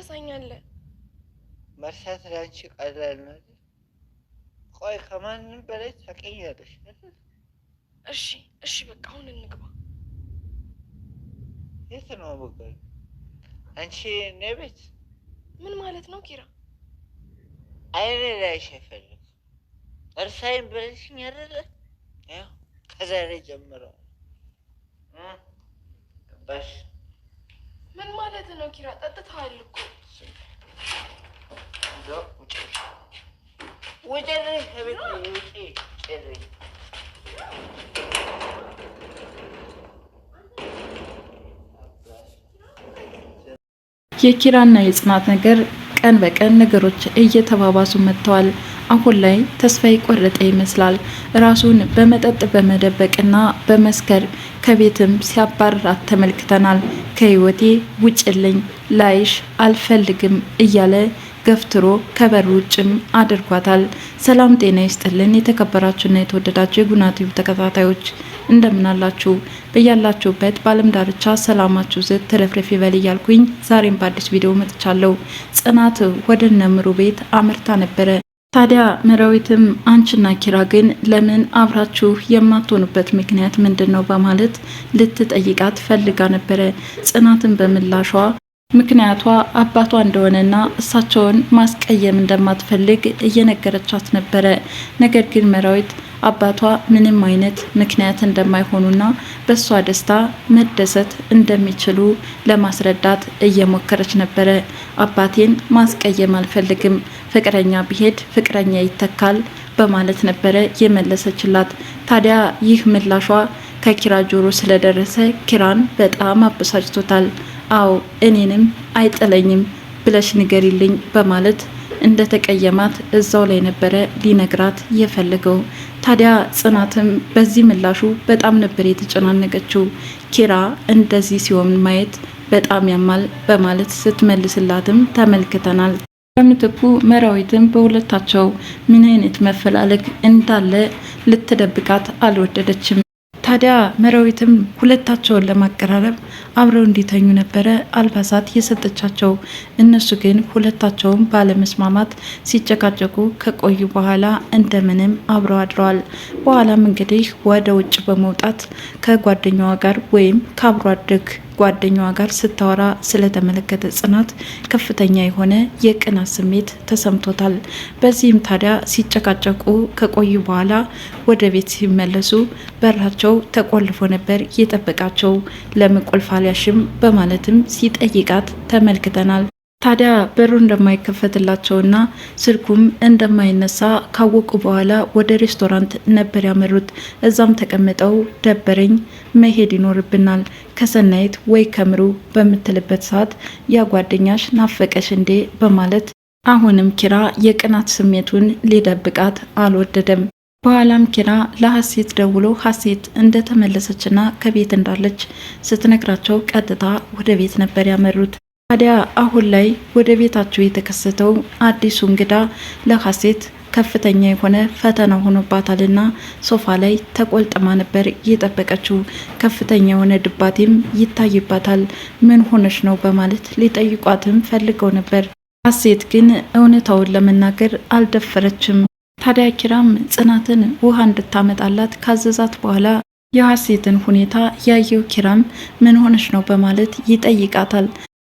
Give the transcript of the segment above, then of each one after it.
ታሳኛለህ? መርሳት ለአንቺ ቀላል ነው። ቆይ ከማንም በላይ ታውቂኛለሽ። እሺ፣ እሺ፣ በቃ አሁን እንግባ። የት ነው መገኝ? አንቺ እኔ ቤት ምን ማለት ነው ኪራ? አይኔ ላይሽ አይፈልግም። እርሳይን ብለሽኝ አይደለ? ከዛሬ ጀምረው ገባሽ? ምን ማለት ነው? ኪራ ጠጥተሃል እኮ የኪራና የጽናት ነገር ቀን በቀን ነገሮች እየተባባሱ መጥተዋል። አሁን ላይ ተስፋ የቆረጠ ይመስላል። ራሱን በመጠጥ በመደበቅና በመስከር ከቤትም ሲያባርራት ተመልክተናል። ከህይወቴ ውጭልኝ ላይሽ አልፈልግም እያለ ገፍትሮ ከበር ውጭም አድርጓታል። ሰላም ጤና ይስጥልን። የተከበራችሁና የተወደዳችሁ የጉና ቲዩብ ተከታታዮች እንደምናላችሁ በያላችሁበት በአለም ዳርቻ ሰላማችሁ ዝት ተረፍረፍ ይበል እያልኩኝ ዛሬም በአዲስ ቪዲዮ መጥቻለሁ። ጽናት ወደ ነምሩ ቤት አምርታ ነበረ። ታዲያ መራዊትም አንቺና ኪራ ግን ለምን አብራችሁ የማትሆኑበት ምክንያት ምንድን ነው? በማለት ልትጠይቃት ፈልጋ ነበረ። ጽናትን በምላሿ ምክንያቷ አባቷ እንደሆነና እሳቸውን ማስቀየም እንደማትፈልግ እየነገረቻት ነበረ። ነገር ግን መራዊት አባቷ ምንም አይነት ምክንያት እንደማይሆኑና በእሷ ደስታ መደሰት እንደሚችሉ ለማስረዳት እየሞከረች ነበረ። አባቴን ማስቀየም አልፈልግም፣ ፍቅረኛ ቢሄድ ፍቅረኛ ይተካል በማለት ነበረ የመለሰችላት። ታዲያ ይህ ምላሿ ከኪራ ጆሮ ስለደረሰ ኪራን በጣም አበሳጭቶታል። አዎ እኔንም አይጥለኝም ብለሽ ንገሪልኝ በማለት እንደ ተቀየማት እዛው ላይ ነበረ ሊነግራት የፈለገው። ታዲያ ጽናትም በዚህ ምላሹ በጣም ነበር የተጨናነቀችው። ኪራ እንደዚህ ሲሆን ማየት በጣም ያማል በማለት ስትመልስላትም ተመልክተናል። በምትኩ መራዊትም በሁለታቸው ምን አይነት መፈላለግ እንዳለ ልትደብቃት አልወደደችም። ታዲያ መራዊትም ሁለታቸውን ለማቀራረብ አብረው እንዲተኙ ነበረ አልባሳት የሰጠቻቸው። እነሱ ግን ሁለታቸውም ባለመስማማት ሲጨቃጨቁ ከቆዩ በኋላ እንደምንም አብረው አድረዋል። በኋላም እንግዲህ ወደ ውጭ በመውጣት ከጓደኛዋ ጋር ወይም ከአብሮ አደግ ጓደኛዋ ጋር ስታወራ ስለተመለከተ ጽናት ከፍተኛ የሆነ የቅናት ስሜት ተሰምቶታል። በዚህም ታዲያ ሲጨቃጨቁ ከቆዩ በኋላ ወደ ቤት ሲመለሱ በራቸው ተቆልፎ ነበር የጠበቃቸው። ለምን ቁልፍ አልያሽም በማለትም ሲጠይቃት ተመልክተናል። ታዲያ በሩ እንደማይከፈትላቸውና ስልኩም እንደማይነሳ ካወቁ በኋላ ወደ ሬስቶራንት ነበር ያመሩት። እዛም ተቀምጠው ደበረኝ መሄድ ይኖርብናል ከሰናይት ወይ ከምሩ በምትልበት ሰዓት ያጓደኛሽ ናፈቀሽ እንዴ በማለት አሁንም ኪራ የቅናት ስሜቱን ሊደብቃት አልወደደም። በኋላም ኪራ ለሀሴት ደውሎ ሀሴት እንደተመለሰችና ከቤት እንዳለች ስትነግራቸው ቀጥታ ወደ ቤት ነበር ያመሩት። ታዲያ አሁን ላይ ወደ ቤታቸው የተከሰተው አዲሱ እንግዳ ለሀሴት ከፍተኛ የሆነ ፈተና ሆኖባታልና ሶፋ ላይ ተቆልጥማ ነበር የጠበቀችው። ከፍተኛ የሆነ ድባቴም ይታይባታል። ምን ሆነች ነው በማለት ሊጠይቋትም ፈልገው ነበር። ሀሴት ግን እውነታውን ለመናገር አልደፈረችም። ታዲያ ኪራም ጽናትን ውሃ እንድታመጣላት ካዘዛት በኋላ የሀሴትን ሁኔታ ያየው ኪራም ምን ሆነች ነው በማለት ይጠይቃታል።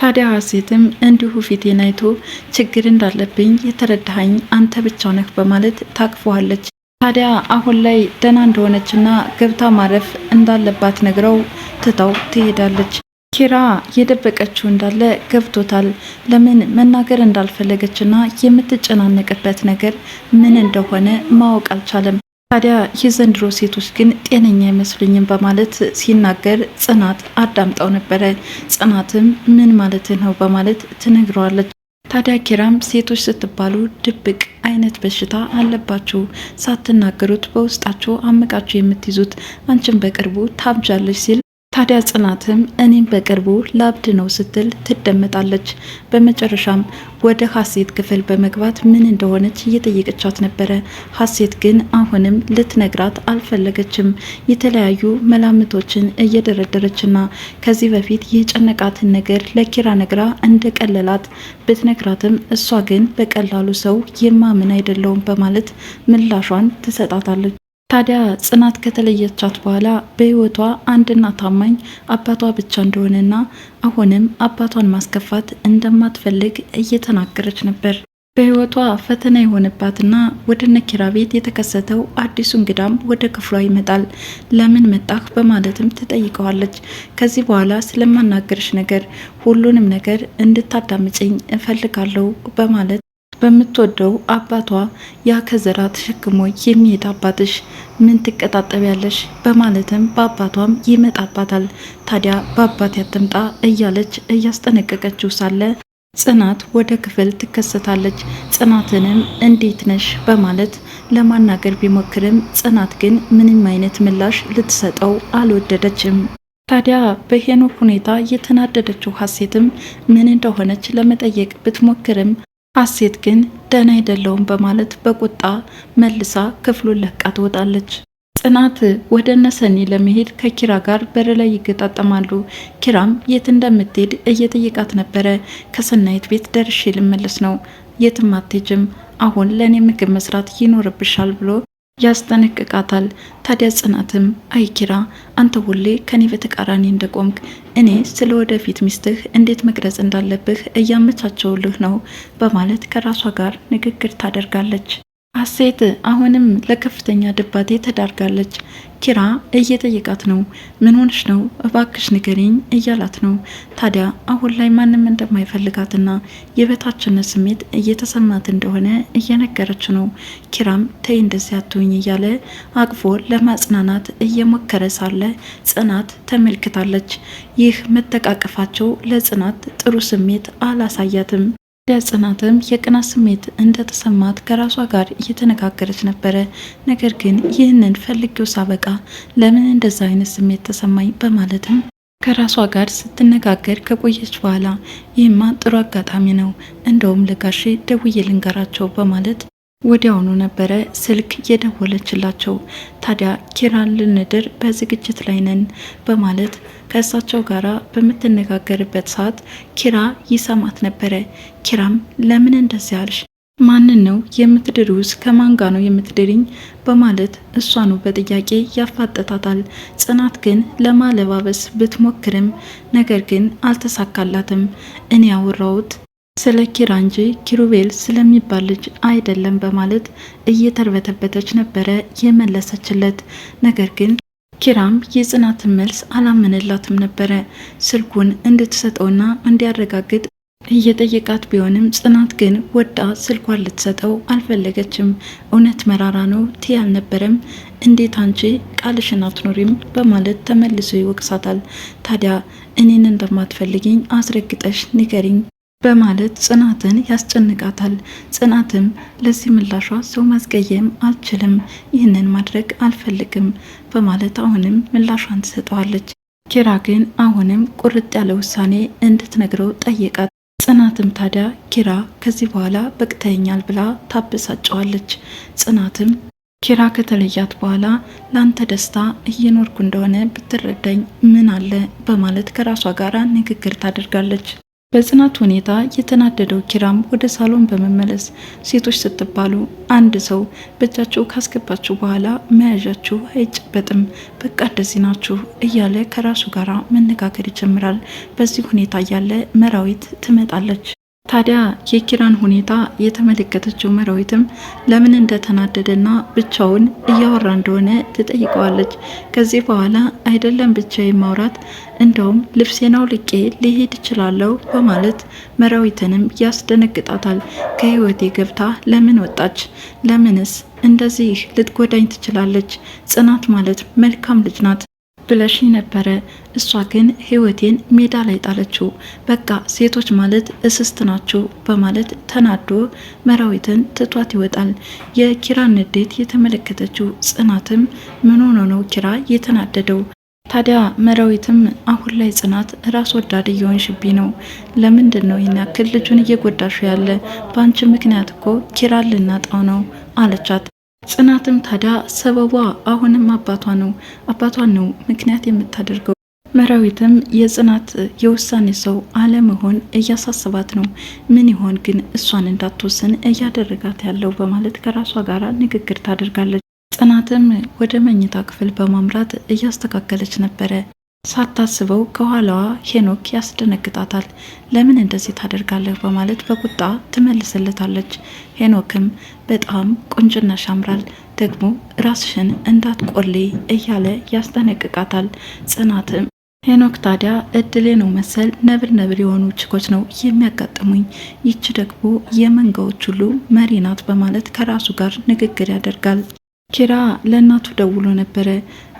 ታዲያ ሀሴትም እንዲሁ ፊቴን አይቶ ችግር እንዳለብኝ የተረዳኸኝ አንተ ብቻ ነህ በማለት ታቅፈዋለች። ታዲያ አሁን ላይ ደህና እንደሆነችና ገብታ ማረፍ እንዳለባት ነግረው ትታው ትሄዳለች። ኪራ የደበቀችው እንዳለ ገብቶታል። ለምን መናገር እንዳልፈለገችና የምትጨናነቅበት ነገር ምን እንደሆነ ማወቅ አልቻለም። ታዲያ የዘንድሮ ሴቶች ግን ጤነኛ አይመስሉኝም በማለት ሲናገር ጽናት አዳምጣው ነበረ። ጽናትም ምን ማለት ነው በማለት ትነግረዋለች። ታዲያ ኪራም ሴቶች ስትባሉ ድብቅ አይነት በሽታ አለባችሁ፣ ሳትናገሩት በውስጣችሁ አምቃችሁ የምትይዙት አንቺን በቅርቡ ታብጃለች ሲል ታዲያ ጽናትም እኔም በቅርቡ ለአብድ ነው ስትል ትደመጣለች። በመጨረሻም ወደ ሀሴት ክፍል በመግባት ምን እንደሆነች እየጠየቀቻት ነበረ። ሀሴት ግን አሁንም ልትነግራት አልፈለገችም። የተለያዩ መላምቶችን እየደረደረችና ከዚህ በፊት የጨነቃትን ነገር ለኪራ ነግራ እንደቀለላት ብትነግራትም እሷ ግን በቀላሉ ሰው የማምን አይደለውም በማለት ምላሿን ትሰጣታለች። ታዲያ ጽናት ከተለየቻት በኋላ በህይወቷ አንድና ታማኝ አባቷ ብቻ እንደሆነና አሁንም አባቷን ማስከፋት እንደማትፈልግ እየተናገረች ነበር። በህይወቷ ፈተና የሆነባትና ወደ ነኪራ ቤት የተከሰተው አዲሱ እንግዳም ወደ ክፍሏ ይመጣል። ለምን መጣህ በማለትም ትጠይቀዋለች። ከዚህ በኋላ ስለማናገርሽ ነገር ሁሉንም ነገር እንድታዳምጭኝ እፈልጋለሁ በማለት በምትወደው አባቷ ያከዘራ ተሸክሞ የሚሄድ አባትሽ ምን ትቀጣጠቢያለሽ? በማለትም በአባቷም ይመጣባታል። ታዲያ በአባት ያትምጣ እያለች እያስጠነቀቀችው ሳለ ጽናት ወደ ክፍል ትከሰታለች። ጽናትንም እንዴት ነሽ በማለት ለማናገር ቢሞክርም ጽናት ግን ምንም አይነት ምላሽ ልትሰጠው አልወደደችም። ታዲያ በሄኖክ ሁኔታ የተናደደችው ሀሴትም ምን እንደሆነች ለመጠየቅ ብትሞክርም ሀሴት ግን ደህና አይደለውም በማለት በቁጣ መልሳ ክፍሉን ለቃ ትወጣለች። ጽናት ወደ ነሰኒ ለመሄድ ከኪራ ጋር በር ላይ ይገጣጠማሉ። ኪራም የት እንደምትሄድ እየጠየቃት ነበረ። ከሰናይት ቤት ደርሼ ልመለስ ነው። የትም አትሄጂም፣ አሁን ለእኔ ምግብ መስራት ይኖርብሻል ብሎ ያስጠነቅቃታል። ታዲያ ጽናትም አይኪራ አንተ ሁሌ ከኔ በተቃራኒ እንደቆምክ እኔ ስለ ወደፊት ሚስትህ እንዴት መቅረጽ እንዳለብህ እያመቻቸውልህ ነው በማለት ከራሷ ጋር ንግግር ታደርጋለች። ሀሴት አሁንም ለከፍተኛ ድባቴ ተዳርጋለች። ኪራ እየጠየቃት ነው። ምን ሆንሽ ነው እባክሽ ንገሪኝ እያላት ነው። ታዲያ አሁን ላይ ማንም እንደማይፈልጋትና የበታችነት ስሜት እየተሰማት እንደሆነ እየነገረች ነው። ኪራም ተይ እንደዚህ አትሁኝ እያለ አቅፎ ለማጽናናት እየሞከረ ሳለ ጽናት ተመልክታለች። ይህ መተቃቀፋቸው ለጽናት ጥሩ ስሜት አላሳያትም። ለጽናትም የቅናት ስሜት እንደተሰማት ከራሷ ጋር እየተነጋገረች ነበረ። ነገር ግን ይህንን ፈልጌው ሳበቃ ለምን እንደዛ አይነት ስሜት ተሰማኝ በማለትም ከራሷ ጋር ስትነጋገር ከቆየች በኋላ ይህማ ጥሩ አጋጣሚ ነው፣ እንደውም ለጋሼ ደውዬ ልንገራቸው በማለት ወዲያውኑ ነበረ ስልክ የደወለችላቸው። ታዲያ ኪራን ልንድር በዝግጅት ላይ ነን በማለት ከእሳቸው ጋራ በምትነጋገርበት ሰዓት ኪራ ይሰማት ነበረ። ኪራም ለምን እንደዚህ አልሽ? ማንን ነው የምትድሪውስ? ከማን ጋ ነው የምትድርኝ? በማለት እሷኑ በጥያቄ ያፋጠታታል። ጽናት ግን ለማለባበስ ብትሞክርም ነገር ግን አልተሳካላትም። እኔ ያወራውት ስለ ኪራ እንጂ ኪሩቤል ስለሚባል ልጅ አይደለም በማለት እየተርበተበተች ነበረ የመለሰችለት። ነገር ግን ኪራም የጽናትን መልስ አላመነላትም ነበረ። ስልኩን እንድትሰጠውና እንዲያረጋግጥ እየጠየቃት ቢሆንም ጽናት ግን ወዳ ስልኳን ልትሰጠው አልፈለገችም። እውነት መራራ ነው ቲ አልነበረም እንዴት አንቺ ቃልሽን አትኖሪም በማለት ተመልሶ ይወቅሳታል። ታዲያ እኔን እንደማትፈልግኝ አስረግጠሽ ንገሪኝ በማለት ጽናትን ያስጨንቃታል። ጽናትም ለዚህ ምላሿ ሰው ማስቀየም አልችልም፣ ይህንን ማድረግ አልፈልግም በማለት አሁንም ምላሿን ትሰጠዋለች። ኪራ ግን አሁንም ቁርጥ ያለ ውሳኔ እንድትነግረው ጠየቃት። ጽናትም ታዲያ ኪራ ከዚህ በኋላ በቅተኛል ብላ ታበሳጨዋለች። ጽናትም ኪራ ከተለያት በኋላ ለአንተ ደስታ እየኖርኩ እንደሆነ ብትረዳኝ ምን አለ በማለት ከራሷ ጋር ንግግር ታደርጋለች። በጽናት ሁኔታ የተናደደው ኪራም ወደ ሳሎን በመመለስ ሴቶች ስትባሉ አንድ ሰው በእጃቸው ካስገባችሁ በኋላ መያዣችሁ አይጨበጥም፣ በቃ እንደዚህ ናችሁ እያለ ከራሱ ጋር መነጋገር ይጀምራል። በዚህ ሁኔታ እያለ መራዊት ትመጣለች። ታዲያ የኪራን ሁኔታ የተመለከተችው መራዊትም ለምን እንደተናደደና ብቻውን እያወራ እንደሆነ ትጠይቀዋለች። ከዚህ በኋላ አይደለም ብቻ የማውራት እንደውም ልብሴን አውልቄ ሊሄድ እችላለሁ በማለት መራዊትንም ያስደነግጣታል። ከህይወቴ ገብታ ለምን ወጣች? ለምንስ እንደዚህ ልትጎዳኝ ትችላለች? ጽናት ማለት መልካም ልጅ ናት። ብለሽኝ ነበረ። እሷ ግን ህይወቴን ሜዳ ላይ ጣለችው። በቃ ሴቶች ማለት እስስት ናቸው በማለት ተናዶ መራዊትን ትቷት ይወጣል። የኪራን ንዴት የተመለከተችው ጽናትም ምን ሆኖ ነው ኪራ የተናደደው? ታዲያ መራዊትም አሁን ላይ ጽናት ራስ ወዳድ እየሆንሽቢ ነው። ለምንድን ነው ይህን ያክል ልጁን እየጎዳሹ ያለ? በአንቺ ምክንያት እኮ ኪራን ልናጣው ነው አለቻት። ጽናትም ታዲያ ሰበቧ አሁንም አባቷ ነው አባቷን ነው ምክንያት የምታደርገው። መራዊትም የጽናት የውሳኔ ሰው አለመሆን እያሳስባት ነው። ምን ይሆን ግን እሷን እንዳትወስን እያደረጋት ያለው በማለት ከራሷ ጋር ንግግር ታደርጋለች። ጽናትም ወደ መኝታ ክፍል በማምራት እያስተካከለች ነበረ። ሳታስበው ከኋላዋ ሄኖክ ያስደነግጣታል። ለምን እንደዚህ ታደርጋለህ በማለት በቁጣ ትመልስለታለች። ሄኖክም በጣም ቁንጅናሽ ያምራል፣ ደግሞ ራስሽን እንዳትቆልይ እያለ ያስጠነቅቃታል። ጽናትም ሄኖክ ታዲያ እድሌ ነው መሰል ነብር ነብር የሆኑ ችኮች ነው የሚያጋጥሙኝ፣ ይቺ ደግሞ የመንጋዎች ሁሉ መሪ ናት በማለት ከራሱ ጋር ንግግር ያደርጋል። ኪራ ለእናቱ ደውሎ ነበረ።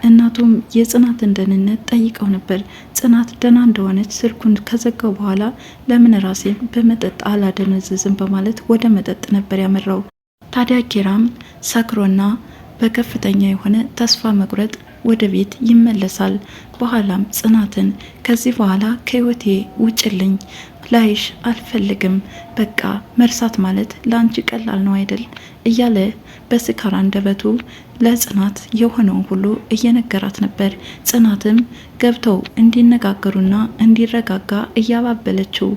እናቱም የጽናትን ደህንነት ጠይቀው ነበር። ጽናት ደህና እንደሆነች ስልኩን ከዘጋው በኋላ ለምን ራሴን በመጠጥ አላደነዘዝም በማለት ወደ መጠጥ ነበር ያመራው። ታዲያ ኪራም ሰክሮና በከፍተኛ የሆነ ተስፋ መቁረጥ ወደ ቤት ይመለሳል። በኋላም ጽናትን ከዚህ በኋላ ከህይወቴ ውጭልኝ፣ ላይሽ አልፈልግም፣ በቃ መርሳት ማለት ለአንቺ ቀላል ነው አይደል? እያለ በስካር አንደበቱ ለጽናት የሆነውን ሁሉ እየነገራት ነበር። ጽናትም ገብተው እንዲነጋገሩና እንዲረጋጋ እያባበለችው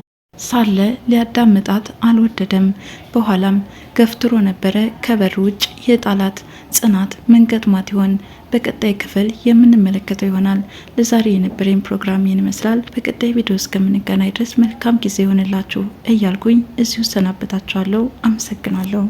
ሳለ ሊያዳምጣት አልወደደም። በኋላም ገፍትሮ ነበረ ከበር ውጭ የጣላት። ጽናት ምን ገጥማት ይሆን? በቀጣይ ክፍል የምንመለከተው ይሆናል። ለዛሬ የነበረኝ ፕሮግራም ይህን ይመስላል። በቀጣይ ቪዲዮ እስከምንገናኝ ድረስ መልካም ጊዜ ይሆንላችሁ እያልኩኝ እዚሁ ሰናበታችኋለሁ። አመሰግናለሁ።